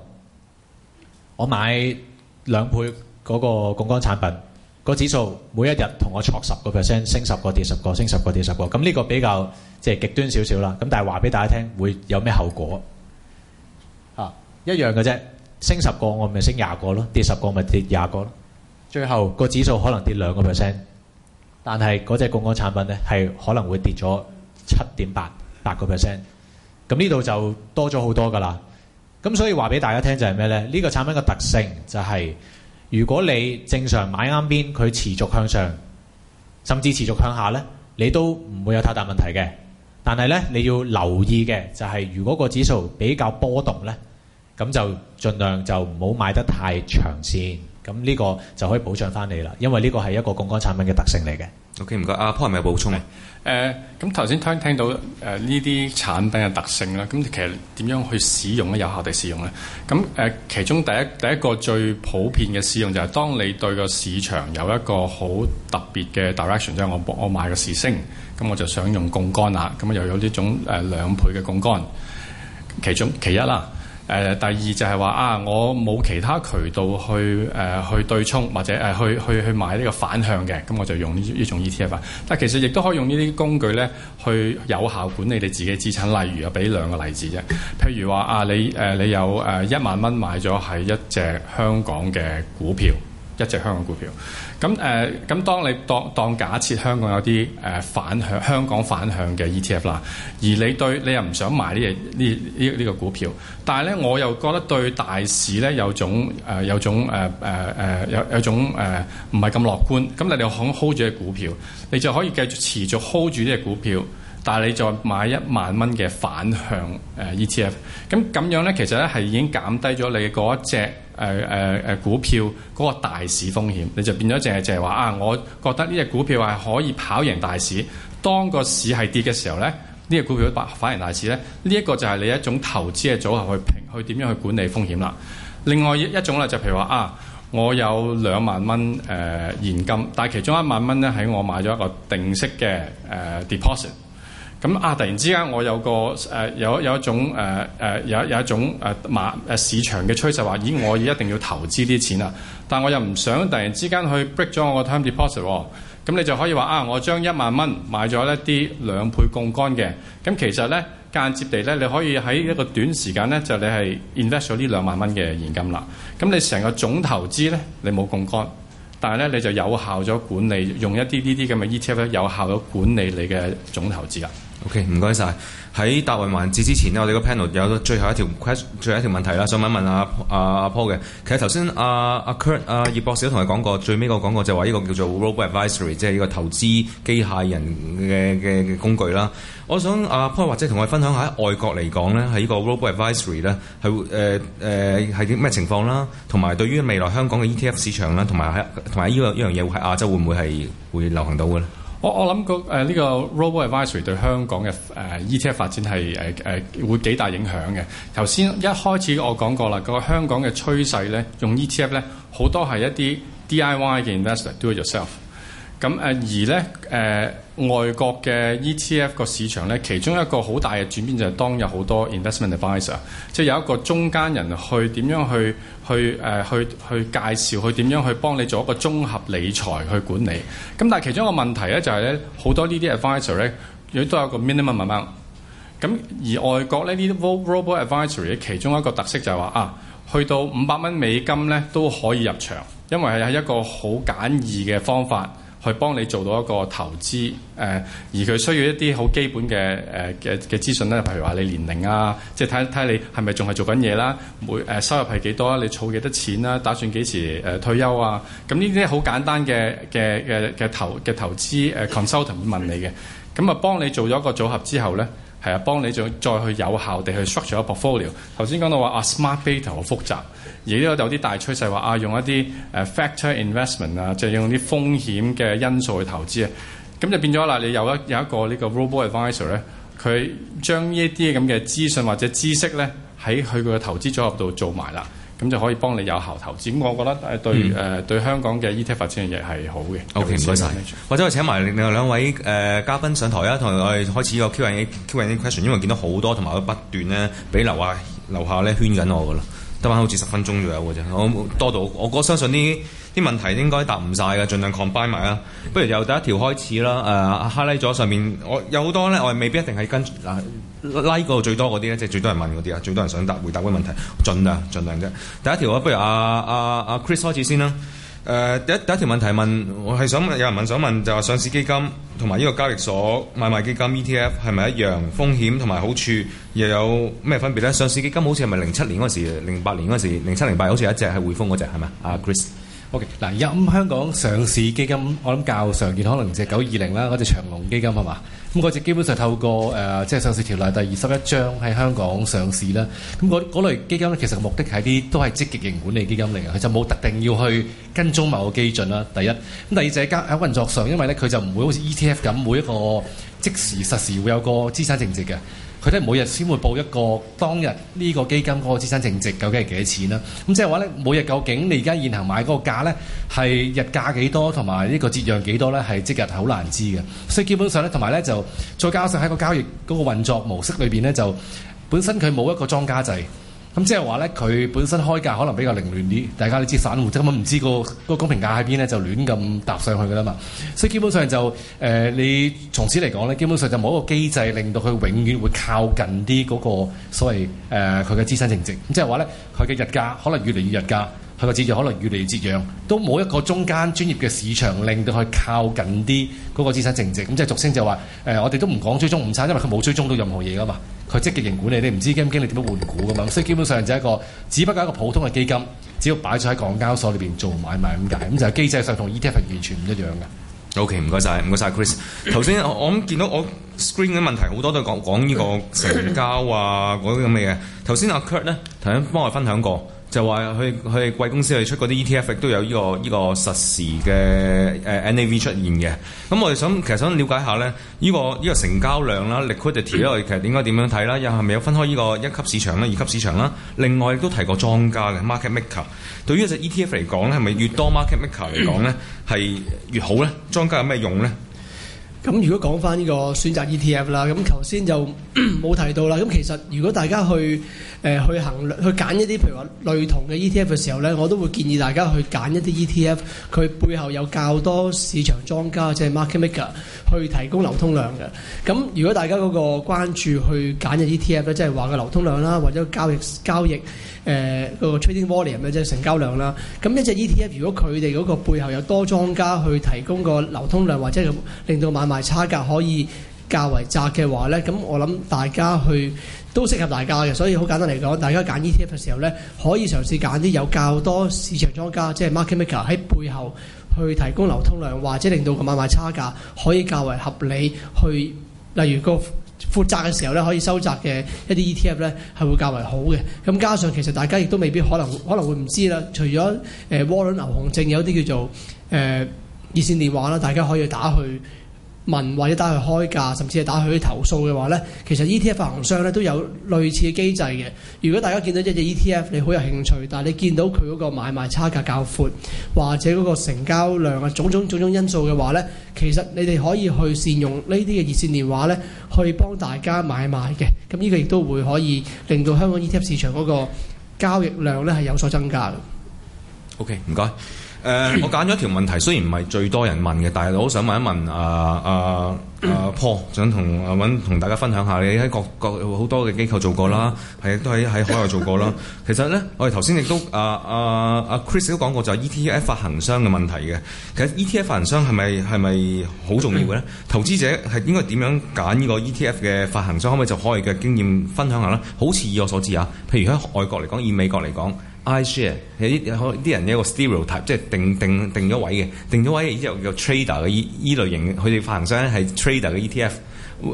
我買兩倍嗰個槓桿產品，個指數每一日同我挫十個 percent，升十個跌十個，升十個跌十個。咁呢個比較即係極端少少啦。咁但係話俾大家聽，會有咩後果啊？一樣嘅啫，升十個我咪升廿個咯，跌十個咪跌廿個咯。最後個指數可能跌兩個 percent，但係嗰隻槓桿產品咧係可能會跌咗七點八八個 percent。咁呢度就多咗好多噶啦，咁所以話俾大家聽就係咩呢？呢個產品嘅特性就係，如果你正常買啱邊，佢持續向上，甚至持續向下呢，你都唔會有太大問題嘅。但係呢，你要留意嘅就係，如果個指數比較波動呢，咁就盡量就唔好買得太長線。咁呢個就可以保障翻你啦，因為呢個係一個槓桿產品嘅特性嚟嘅。OK，唔該，阿 Po 係咪有補充啊？誒，咁頭先聽聽到誒呢啲產品嘅特性啦，咁其實點樣去使用咧，有效地使用咧？咁誒、呃，其中第一第一個最普遍嘅使用就係當你對個市場有一個好特別嘅 direction，即係我我買個時升，咁我就想用槓桿啦，咁又有呢種誒、呃、兩倍嘅槓桿，其中其一啦。誒第二就係，是，話啊，我冇其他渠道去誒、啊、去對沖或者誒去去去買呢個反向嘅，咁我就用呢呢種 ETF 啊。但係其實亦都可以用呢啲工具咧，去有效管理你自己資產。例如啊，我俾兩個例子啫。譬如話啊，你誒、啊、你有誒一萬蚊買咗喺一隻香港嘅股票。一隻香港股票，咁誒，咁、呃、當你當當假設香港有啲誒、呃、反向香港反向嘅 ETF 啦，而你對你又唔想買呢隻呢呢呢個股票，但係咧我又覺得對大市咧有種誒、呃呃、有，有種誒誒誒有有種誒唔係咁樂觀，咁你哋可 hold 住隻股票，你就可以繼續持續 hold 住呢隻股票。但係你再買一萬蚊嘅反向誒 ETF，咁咁樣咧，其實咧係已經減低咗你嗰隻誒誒誒股票嗰個大市風險。你就變咗淨係淨係話啊，我覺得呢隻股票係可以跑贏大市。當個市係跌嘅時候咧，呢、這、隻、個、股票白反贏大市咧，呢、這、一個就係你一種投資嘅組合去評去點樣去管理風險啦。另外一一種咧就是、譬如話啊，我有兩萬蚊誒、呃、現金，但係其中一萬蚊咧喺我買咗一個定息嘅誒 deposit。呃 Dep osit, 咁啊！突然之間，我有個誒、啊、有有一種誒誒、啊啊、有有一種誒、啊、馬誒、啊、市場嘅趨勢話，咦！我一定要投資啲錢啊！但我又唔想突然之間去 break 咗我個 time deposit 咁你就可以話啊，我將一萬蚊買咗一啲兩倍槓桿嘅。咁其實咧間接地咧，你可以喺一個短時間咧，就你係 invest 咗呢兩萬蚊嘅現金啦。咁你成個總投資咧，你冇槓桿，但係咧你就有效咗管理，用一啲啲啲咁嘅 ETF 有效咗管理你嘅總投資啦。OK，唔該晒。喺答問環節之前呢，我哋個 panel 有最後一條 quest 最後一條問題啦，想問一問阿、啊、阿、啊啊、Paul 嘅。其實頭先阿阿 Kurt 阿葉博士都同佢講過，最尾個講過就話呢個叫做 robot advisory，即係呢個投資機械人嘅嘅工具啦。我想阿、啊、Paul 或者同佢分享下喺外國嚟講咧，喺、這個、呢個 robot advisory 咧係會誒誒係啲咩情況啦？同埋對於未來香港嘅 ETF 市場啦，同埋喺同埋呢個呢樣嘢喺亞洲會唔會係會流行到嘅咧？我我諗個誒呢個 Robo Advisory 對香港嘅誒 ETF 發展係誒誒會幾大影響嘅。頭先一開始我講過啦，個香港嘅趨勢咧，用 ETF 咧好多係一啲 DIY 嘅 investor，do it yourself。咁誒而咧誒、呃，外國嘅 ETF 個市場咧，其中一個好大嘅轉變就係當有好多 investment advisor 即係有一個中間人去點樣去去誒、呃、去去介紹，去點樣去幫你做一個綜合理財去管理。咁但係其中一個問題咧就係、是、咧，好多 advisor 呢啲 advisor 咧，亦都有個 minimum amount。咁而外國咧呢啲 robo advisor 嘅其中一個特色就係、是、話啊，去到五百蚊美金咧都可以入場，因為係一個好簡易嘅方法。去幫你做到一個投資，誒、呃，而佢需要一啲好基本嘅誒嘅嘅資訊咧，譬如話你年齡啊，即係睇睇你係咪仲係做緊嘢啦，每誒、呃、收入係幾多啊，你儲幾多錢啊，打算幾時誒、呃、退休啊，咁呢啲好簡單嘅嘅嘅嘅投嘅投資誒、呃、consultant 會問你嘅，咁啊幫你做咗個組合之後咧。呢係啊，幫你再再去有效地去 structure 個 portfolio。頭先講到話啊，smart beta 好複雜，而呢度有啲大趨勢話啊，用一啲誒 factor investment 啊，就係用啲風險嘅因素去投資啊。咁就變咗啦，你有一有一個呢個 robo advisor 咧，佢將呢啲咁嘅資訊或者知識咧，喺佢個投資組合度做埋啦。咁就可以幫你有效投資。我覺得誒對誒、嗯呃、對香港嘅 ETF 發展嘅嘢係好嘅。O.K. 唔該晒。或者我請埋另外兩位誒、呃、嘉賓上台啊，同我哋開始個 Q&A、Q&A question，因為見到好多同埋佢不斷咧俾樓下樓下咧圈緊我噶啦，得翻好似十分鐘左右嘅啫。我多到，我相信呢。啲問題應該答唔晒嘅，盡量 combine 埋啦。不如由第一條開始啦。阿哈拉咗上面，我有好多咧，我未必一定係跟拉拉依個最多嗰啲咧，即係最多人問嗰啲啊，最多人想答回答嗰啲問題，盡啊，盡量啫。第一條啊，不如阿阿阿 Chris 開始先啦。誒、呃，第一第一條問題問我係想問，有人問想問就係上市基金同埋呢個交易所買賣基金 ETF 係咪一樣，風險同埋好處又有咩分別咧？上市基金好似係咪零七年嗰時、零八年嗰時、零七零八好似有一隻係匯豐嗰隻係咪？阿、uh, Chris？OK，嗱，而家香港上市基金，我諗較常見可能隻九二零啦，嗰隻長隆基金係嘛？咁嗰隻基本上透過誒，即係上市條例第二十一章喺香港上市啦。咁嗰類基金咧，其實目的係啲都係積極型管理基金嚟嘅，佢就冇特定要去跟蹤某個基準啦。第一，咁第二隻喺運作上，因為咧佢就唔會好似 ETF 咁每一個即時實時會有個資產淨值嘅。佢都每日先會報一個當日呢個基金嗰個資產淨值究竟係幾多錢啦、啊？咁即係話咧，每日究竟你而家現行買嗰個價咧，係日價幾多同埋呢個折讓幾多咧？係即日係好難知嘅。所以基本上咧，同埋咧就再加上喺個交易嗰個運作模式裏邊咧，就本身佢冇一個莊家制。咁即係話咧，佢本身開價可能比較凌亂啲，大家都知散戶根本唔知個個公平價喺邊咧，就亂咁搭上去噶啦嘛。所以基本上就誒、呃，你從此嚟講咧，基本上就冇一個機制令到佢永遠會靠近啲嗰、那個所謂誒佢嘅資產淨值。咁、呃、即係話咧，佢嘅日價可能越嚟越日價。佢個指奏可能越嚟越節揚，都冇一個中間專業嘅市場令到佢靠近啲嗰個資產淨值，咁即係俗稱就話誒、呃，我哋都唔講追蹤誤差，因為佢冇追蹤到任何嘢噶嘛，佢積極型管理你唔知經理點樣換股噶嘛，所以基本上就一個只不過一個普通嘅基金，只要擺咗喺港交所裏邊做買賣咁解，咁就係機制上同 ETF 係完全唔一樣嘅。OK，唔該晒，唔該晒，Chris。頭先我我見到我 screen 嘅問題好多都講講呢個成交啊嗰啲咁嘅嘢。頭先阿 Curt 咧，頭先幫我分享過。就話佢佢貴公司去出嗰啲 ETF 亦都有呢個依個實時嘅誒 NAV 出現嘅，咁我哋想其實想了解下咧，呢個呢個成交量啦、liquidity 咧，其實應該點樣睇啦？又係咪有分開呢個一級市場啦、二級市場啦？另外亦都提過莊家嘅 market maker，對於一隻 ETF 嚟講咧，係咪越多 market maker 嚟講咧係越好咧？莊家有咩用咧？咁如果講翻呢個選擇 ETF 啦，咁頭先就冇提到啦。咁其實如果大家去誒、呃、去衡量去揀一啲譬如話類同嘅 ETF 嘅時候咧，我都會建議大家去揀一啲 ETF，佢背後有較多市場莊家即係 market maker 去提供流通量嘅。咁如果大家嗰個關注去揀嘅 ETF 即係話個流通量啦，或者交易交易誒個 trading volume 咧，即係成交量啦。咁一隻 ETF 如果佢哋嗰個背後有多莊家去提供個流通量，或者令到買買賣差價可以較為窄嘅話呢，咁我諗大家去都適合大家嘅，所以好簡單嚟講，大家揀 E T F 嘅時候呢，可以嘗試揀啲有較多市場莊家，即係 market maker 喺背後去提供流通量，或者令到個買賣差價可以較為合理。去例如個負責嘅時候呢，可以收窄嘅一啲 E T F 呢，係會較為好嘅。咁加上其實大家亦都未必可能可能會唔知啦，除咗誒窩輪牛熊證，有啲叫做誒、呃、熱線電話啦，大家可以打去。問或者打去開價，甚至係打去投訴嘅話呢，其實 ETF 發行商咧都有類似嘅機制嘅。如果大家見到一隻 ETF 你好有興趣，但係你見到佢嗰個買賣差價較闊，或者嗰個成交量啊，種種種種因素嘅話呢，其實你哋可以去善用呢啲嘅熱線電話呢，去幫大家買賣嘅。咁呢個亦都會可以令到香港 ETF 市場嗰個交易量呢係有所增加。OK，唔該。誒、呃，我揀咗一條問題，雖然唔係最多人問嘅，但我都想問一問啊啊啊 Paul，呃呃、 [COUGHS] Paul，想同阿揾同大家分享下，你喺各各好多嘅機構做過啦，係啊，都喺喺海外做過啦。其實咧，我哋頭先亦都啊啊啊 Chris 都講過就係、是、ETF 發行商嘅問題嘅。其實 ETF 發行商係咪係咪好重要嘅咧？投資者係應該點樣揀呢個 ETF 嘅發行商？可唔可以就可以嘅經驗分享下咧？好似以我所知啊，譬如喺外國嚟講，以美國嚟講。I share，有啲人有一個 stereotype，即係定定定咗位嘅，定咗位又又 trader 嘅依依類型，佢哋發行商係 trader 嘅 ETF。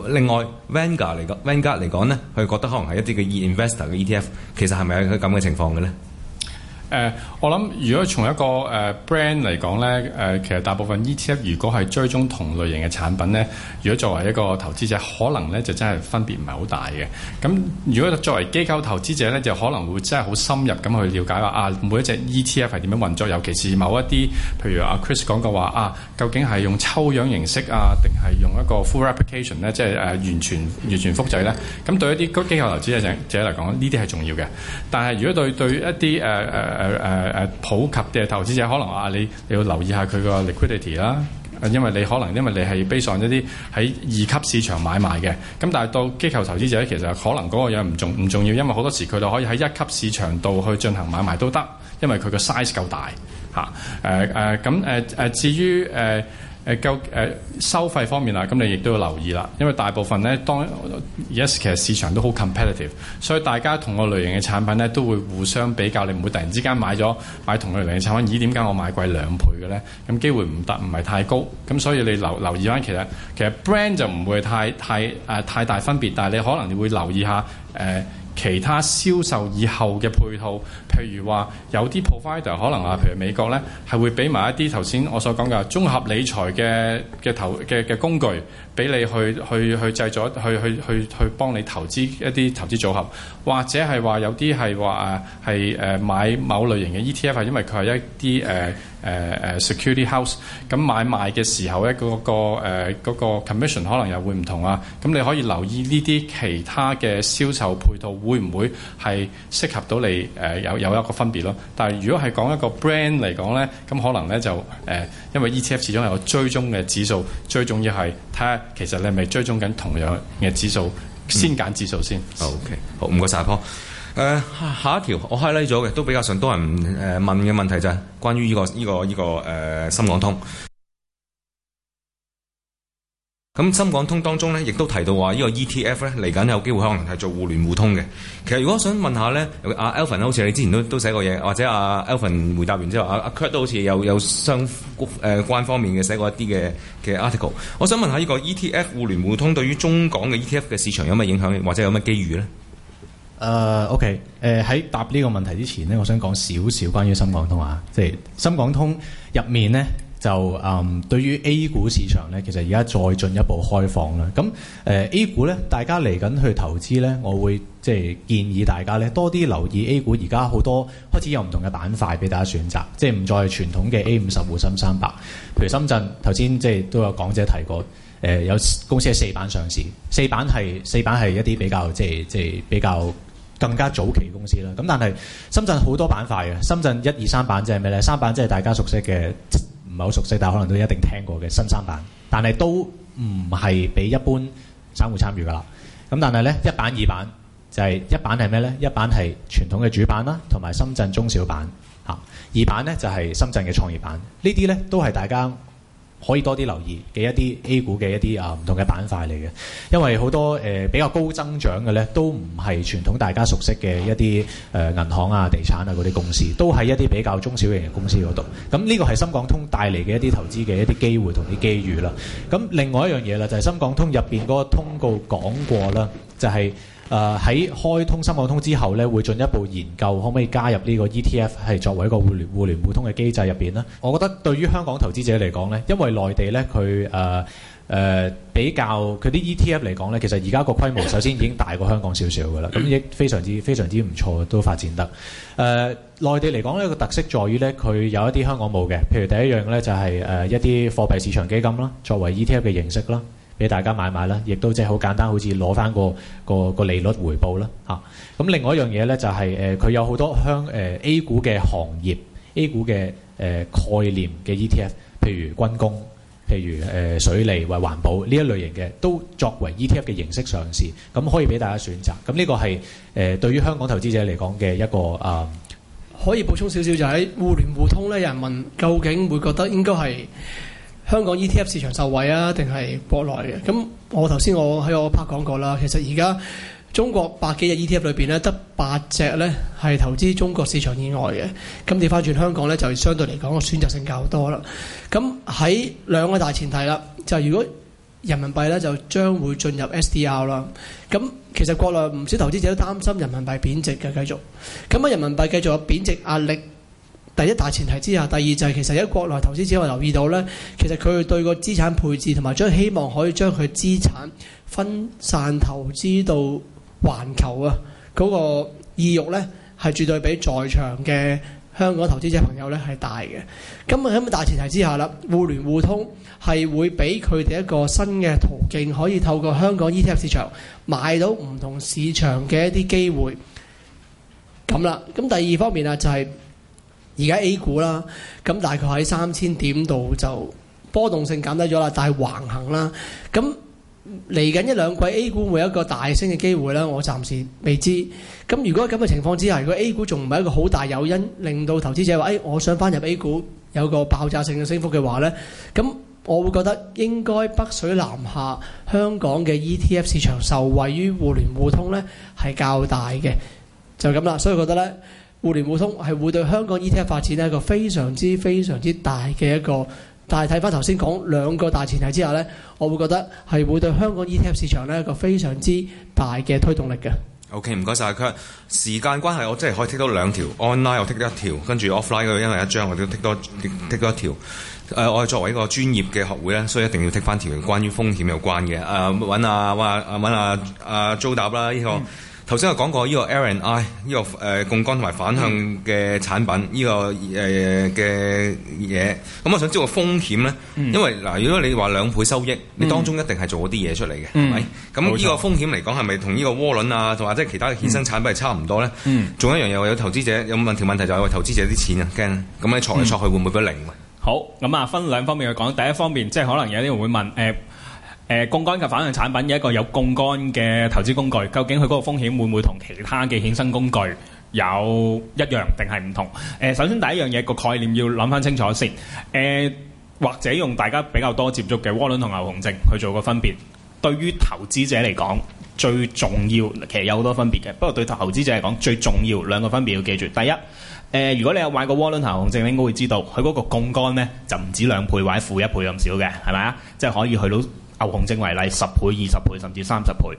另外 Vanguard 嚟講，Vanguard 嚟講咧，佢覺得可能係一啲嘅 investor 嘅 ETF，其實係咪有咁嘅情況嘅咧？誒、呃，我諗如果從一個誒、呃、brand 嚟講咧，誒、呃、其實大部分 ETF 如果係追蹤同類型嘅產品咧，如果作為一個投資者，可能咧就真係分別唔係好大嘅。咁如果作為機構投資者咧，就可能會真係好深入咁去了解話啊，每一隻 ETF 係點樣運作，尤其是某一啲，譬如阿 Chris 講嘅話啊，究竟係用抽樣形式啊，定係用一個 full replication 咧，即係誒完全完全複製咧？咁對一啲個機構投資者者嚟講，呢啲係重要嘅。但係如果對對一啲誒誒，呃呃呃呃呃誒誒誒，普及嘅投資者可能話你你要留意下佢個 liquidity 啦，因為你可能因為你係 base on 一啲喺二級市場買賣嘅。咁但係到機構投資者其實可能嗰個嘢唔重唔重要，因為好多時佢哋可以喺一級市場度去進行買賣都得，因為佢個 size 夠大嚇誒誒，咁誒誒，至於誒。啊誒夠誒收費方面啦，咁你亦都要留意啦，因為大部分咧當 Yes 其實市場都好 competitive，所以大家同個類型嘅產品咧都會互相比較，你唔會突然之間買咗買同類型嘅產品，咦？點解我買貴兩倍嘅咧？咁機會唔大，唔係太高，咁所以你留留意翻其實其實 brand 就唔會太太誒、啊、太大分別，但係你可能你會留意下誒。呃其他銷售以後嘅配套，譬如話有啲 provider 可能話，譬如美國呢，係會俾埋一啲頭先我所講嘅綜合理財嘅嘅投嘅嘅工具，俾你去去去製作，去去去去幫你投資一啲投資組合，或者係話有啲係話誒係誒買某類型嘅 ETF，因為佢係一啲誒。呃誒誒 Security House，咁買賣嘅時候咧，嗰、嗰個誒、嗰個、commission 可能又會唔同啊。咁你可以留意呢啲其他嘅銷售配套，會唔會係適合到你誒有有一個分別咯？但係如果係講一個 brand 嚟講咧，咁可能咧就誒，因為 ETF 始終係個追蹤嘅指數，最重要係睇下其實你係咪追蹤緊同樣嘅指數，嗯、先揀指數先。O K，好唔該晒阿 Paul。Okay. 誒、uh, 下一條，我 highlight 咗嘅都比較上多人誒、uh, 問嘅問題就係關於呢、這個依、這個依、這個誒、呃、深港通。咁深港通當中咧，亦都提到話呢個 ETF 咧嚟緊有機會可能係做互聯互通嘅。其實如果我想問下咧，阿 Alvin 好似你之前都都寫過嘢，或者阿、啊、Alvin 回答完之後，阿、啊、阿 Cur 都好似有有相誒、呃、關方面嘅寫過一啲嘅嘅 article。我想問下呢個 ETF 互聯互通對於中港嘅 ETF 嘅市場有乜影響，或者有乜機遇咧？誒，OK，誒喺答呢個問題之前呢，我想講少少關於深港通啊，即係深港通入面呢，就誒，um, 對於 A 股市場呢，其實而家再進一步開放啦。咁誒、uh,，A 股呢，大家嚟緊去投資呢，我會即係、就是、建議大家呢，多啲留意 A 股而家好多開始有唔同嘅板塊俾大家選擇，即係唔再係傳統嘅 A 五十滬深三百，譬如深圳頭先即係都有講者提過，誒、呃、有公司喺四板上市，四板係四板係一啲比較即係即係比較。就是比較更加早期公司啦，咁但係深圳好多板塊嘅，深圳一二三板即係咩呢？三板即係大家熟悉嘅，唔係好熟悉，但可能都一定聽過嘅新三板，但係都唔係俾一般散戶參與噶啦。咁但係呢，一板、二板，就係一板係咩呢？一板係傳統嘅主板啦，同埋深圳中小板嚇，二板呢，就係、是、深圳嘅創業板，呢啲呢，都係大家。可以多啲留意嘅一啲 A 股嘅一啲啊唔同嘅板塊嚟嘅，因為好多誒比較高增長嘅咧，都唔係傳統大家熟悉嘅一啲誒銀行啊、地產啊嗰啲公司，都係一啲比較中小型嘅公司嗰度。咁呢個係深港通帶嚟嘅一啲投資嘅一啲機會同啲機遇啦。咁另外一樣嘢啦，就係深港通入邊嗰個通告講過啦，就係。誒喺、呃、開通深港通之後咧，會進一步研究可唔可以加入呢個 ETF 係作為一個互聯互聯互通嘅機制入邊呢。我覺得對於香港投資者嚟講呢，因為內地呢，佢誒誒比較佢啲 ETF 嚟講呢，其實而家個規模首先已經大過香港少少嘅啦。咁亦非常之非常之唔錯，都發展得誒、呃。內地嚟講呢，個特色在於呢，佢有一啲香港冇嘅，譬如第一樣呢，就係、是、誒一啲貨幣市場基金啦，作為 ETF 嘅形式啦。俾大家買買啦，亦都即係好簡單，好似攞翻個個個利率回報啦嚇。咁、啊、另外一樣嘢呢，就係誒，佢有好多香誒 A 股嘅行業、A 股嘅誒、呃、概念嘅 ETF，譬如軍工、譬如誒、呃、水利或環保呢一類型嘅，都作為 ETF 嘅形式上市，咁、嗯、可以俾大家選擇。咁、嗯、呢、這個係誒、呃、對於香港投資者嚟講嘅一個誒，嗯、可以補充少少就係、是、互聯互通呢。人問究竟會覺得應該係？香港 ETF 市場受惠啊，定係國內嘅？咁我頭先我喺我拍講過啦。其實而家中國百幾隻 ETF 裏邊咧，得八隻咧係投資中國市場以外嘅。咁你翻轉香港咧，就相對嚟講個選擇性較多啦。咁喺兩個大前提啦，就係、如果人民幣咧就將會進入 SDR 啦。咁其實國內唔少投資者都擔心人民幣貶值嘅繼續。咁啊，人民幣繼續有貶值壓力。第一大前提之下，第二就係其實喺國內投資者我留意到呢，其實佢對個資產配置同埋將希望可以將佢資產分散投資到環球啊嗰、嗰個意欲呢，係絕對比在場嘅香港投資者朋友呢係大嘅。咁喺咁嘅大前提之下啦，互聯互通係會俾佢哋一個新嘅途徑，可以透過香港 ETF 市場買到唔同市場嘅一啲機會。咁啦，咁第二方面啊、就係，就係。而家 A 股啦，咁大概喺三千點度就波動性減低咗啦，但係橫行啦。咁嚟緊一兩季 A 股會有一個大升嘅機會啦。我暫時未知。咁如果喺咁嘅情況之下，如果 A 股仲唔係一個好大誘因，令到投資者話：，誒、哎，我想返入 A 股有個爆炸性嘅升幅嘅話呢，咁我會覺得應該北水南下，香港嘅 ETF 市場受惠於互聯互通呢係較大嘅，就咁、是、啦。所以覺得呢。互聯互通係會對香港 ETF 發展呢一個非常之非常之大嘅一個，但係睇翻頭先講兩個大前提之下咧，我會覺得係會對香港 ETF 市場咧一個非常之大嘅推動力嘅。OK，唔該晒，佢、啊、時間關係，我真係可以剔到 c k 兩條 online，我剔到一條，跟住 offline 嗰因為一張，我哋都剔多剔多一條。誒，我係、呃、作為一個專業嘅學會咧，所以一定要剔翻條關於風險有關嘅。誒、呃，揾阿阿阿阿周達啦，呢、啊啊啊啊呢個。嗯頭先我講過依個 L&I 呢、呢個誒槓桿同埋反向嘅產品呢、呢個誒嘅嘢，咁、呃、我、嗯嗯、想知個風險咧，因為嗱、呃、如果你話兩倍收益，嗯、你當中一定係做咗啲嘢出嚟嘅，係咪？咁呢個風險嚟講係咪同呢個渦輪啊，同或者其他嘅衍生產品係差唔多咧？嗯，仲一樣又有投資者有問條問題，就係話投資者啲錢啊驚，咁你挫嚟挫去、嗯、會唔會俾零？好，咁啊分兩方面去講，第一方面即係可能有啲人會問誒。呃誒槓桿及反向產品一個有槓桿嘅投資工具，究竟佢嗰個風險會唔會同其他嘅衍生工具有一樣定係唔同？誒、呃，首先第一樣嘢個概念要諗翻清楚先。誒、呃，或者用大家比較多接觸嘅窩輪同牛熊證去做個分別。對於投資者嚟講，最重要其實有好多分別嘅，不過對投資者嚟講最重要兩個分別要記住。第一，誒、呃，如果你有買過窩輪牛熊證，應該會知道佢嗰個槓桿呢就唔止兩倍，或者負一倍咁少嘅，係咪啊？即係可以去到。牛熊證為例，十倍、二十倍甚至三十倍，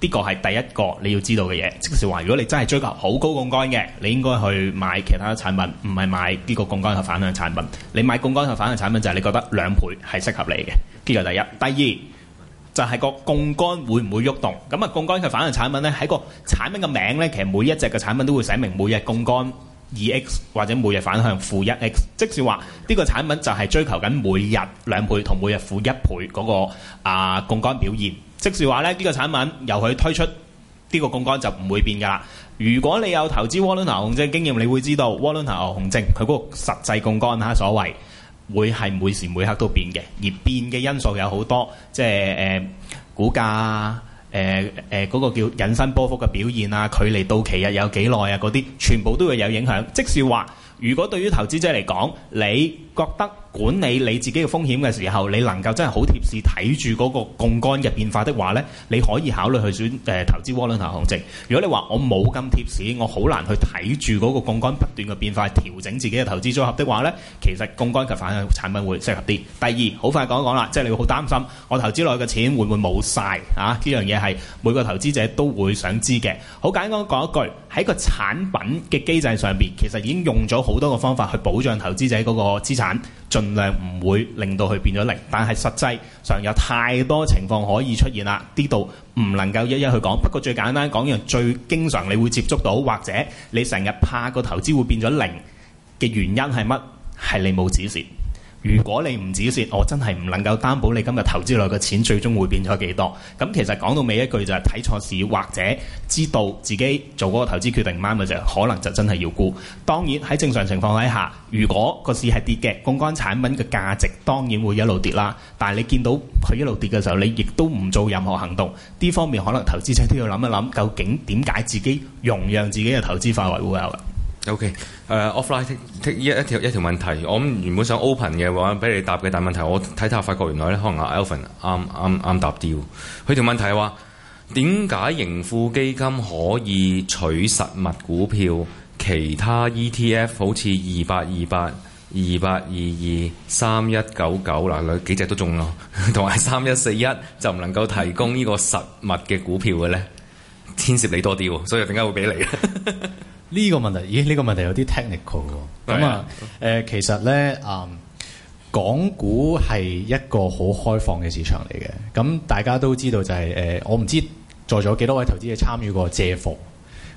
呢個係第一個你要知道嘅嘢。即係話，如果你真係追求好高槓桿嘅，你應該去買其他產品，唔係買呢個槓桿嘅反向產品。你買槓桿嘅反向產品就係你覺得兩倍係適合你嘅。呢個第一，第二就係個槓桿會唔會喐動。咁啊，槓桿嘅反向產品呢？喺個產品嘅名呢，其實每一隻嘅產品都會寫明每日槓桿二 X 或者每日反向負一 X，即是話呢，這個產品就係追求緊每日兩倍同每日負一倍嗰，那個啊槓桿表現，即是話咧呢，這個產品由佢推出呢個槓桿就唔會變噶啦。如果你有投資窩輪牛熊證經驗，你會知道窩輪牛熊證佢嗰個實際槓桿嚇所謂會係每時每刻都變嘅，而變嘅因素有好多，即係誒、呃、股價。誒誒嗰個叫引伸波幅嘅表現啊，距離到期日有幾耐啊，嗰啲全部都會有影響。即係話，如果對於投資者嚟講，你覺得，管理你自己嘅風險嘅時候，你能夠真係好貼市睇住嗰個槓桿嘅變化的話呢，你可以考慮去選誒投資窩輪牛熊證。如果你話我冇咁貼市，我好難去睇住嗰個槓桿不斷嘅變化調整自己嘅投資組合的話呢，其實槓桿及反向產品會適合啲。第二，好快講一講啦，即係你會好擔心我投資落去嘅錢會唔會冇晒。啊？呢樣嘢係每個投資者都會想知嘅。好簡單講一句，喺個產品嘅機制上邊，其實已經用咗好多個方法去保障投資者嗰個資產。盡量唔會令到佢變咗零，但係實際上有太多情況可以出現啦。呢度唔能夠一一去講，不過最簡單講一樣最經常你會接觸到，或者你成日怕個投資會變咗零嘅原因係乜？係你冇指示。如果你唔止蝕，我真係唔能夠擔保你今日投資落嘅錢最終會變咗幾多。咁其實講到尾一句就係睇錯市或者知道自己做嗰個投資決定唔啱嘅就，可能就真係要沽。當然喺正常情況底下，如果個市係跌嘅，公幹產品嘅價值當然會一路跌啦。但係你見到佢一路跌嘅時候，你亦都唔做任何行動。呢方面可能投資者都要諗一諗，究竟點解自己容讓自己嘅投資化為烏有？O K，誒 offline 一一條一條問題，我原本想 open 嘅話俾你答嘅，大問題我睇下發覺原來咧可能阿 Alvin 啱啱啱答啲。佢條問題話點解盈富基金可以取實物股票，其他 E T F 好似二八二八、二八二二、三一九九嗱嗱幾隻都中咯，同埋三一四一就唔能夠提供呢個實物嘅股票嘅咧？牽涉你多啲，所以點解會俾你？呢個問題，咦？呢個問題有啲 technical 喎。咁啊，誒、呃，其實呢，嗯，港股係一個好開放嘅市場嚟嘅。咁大家都知道就係、是、誒、呃，我唔知在座幾多位投資者參與過借貨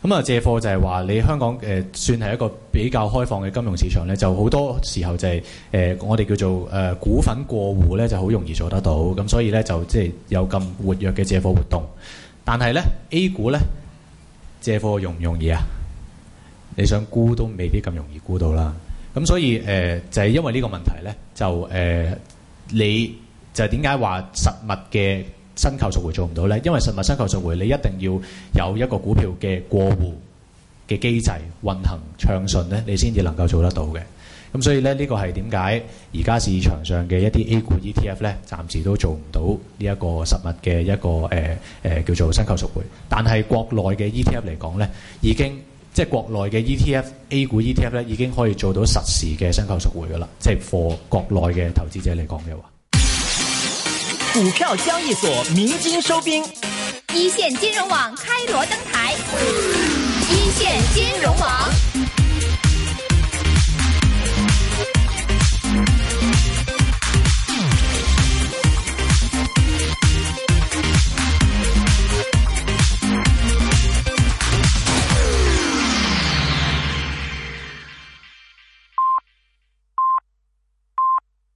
咁啊？借貨就係話你香港誒，算係一個比較開放嘅金融市場呢，就好多時候就係、是、誒、呃，我哋叫做誒、呃、股份過戶呢，就好容易做得到。咁所以呢，就即係有咁活躍嘅借貨活動。但係呢，A 股呢，借貨容唔容易啊？你想估都未必咁容易估到啦，咁所以誒、呃、就係、是、因為呢個問題呢，就誒、呃、你就係點解話實物嘅申購贖回做唔到呢？因為實物申購贖回你一定要有一個股票嘅過戶嘅機制運行暢順呢，你先至能夠做得到嘅。咁所以呢，呢、這個係點解而家市場上嘅一啲 A 股 ETF 呢，暫時都做唔到呢一個實物嘅一個誒誒、呃呃、叫做申購贖回。但係國內嘅 ETF 嚟講呢，已經。即係國內嘅 ETF、A 股 ETF 咧，已經可以做到實時嘅申購贖回噶啦。即係 for 國內嘅投資者嚟講嘅話，股票交易所鳴金收兵，一線金融網開鑼登台，一線金融網。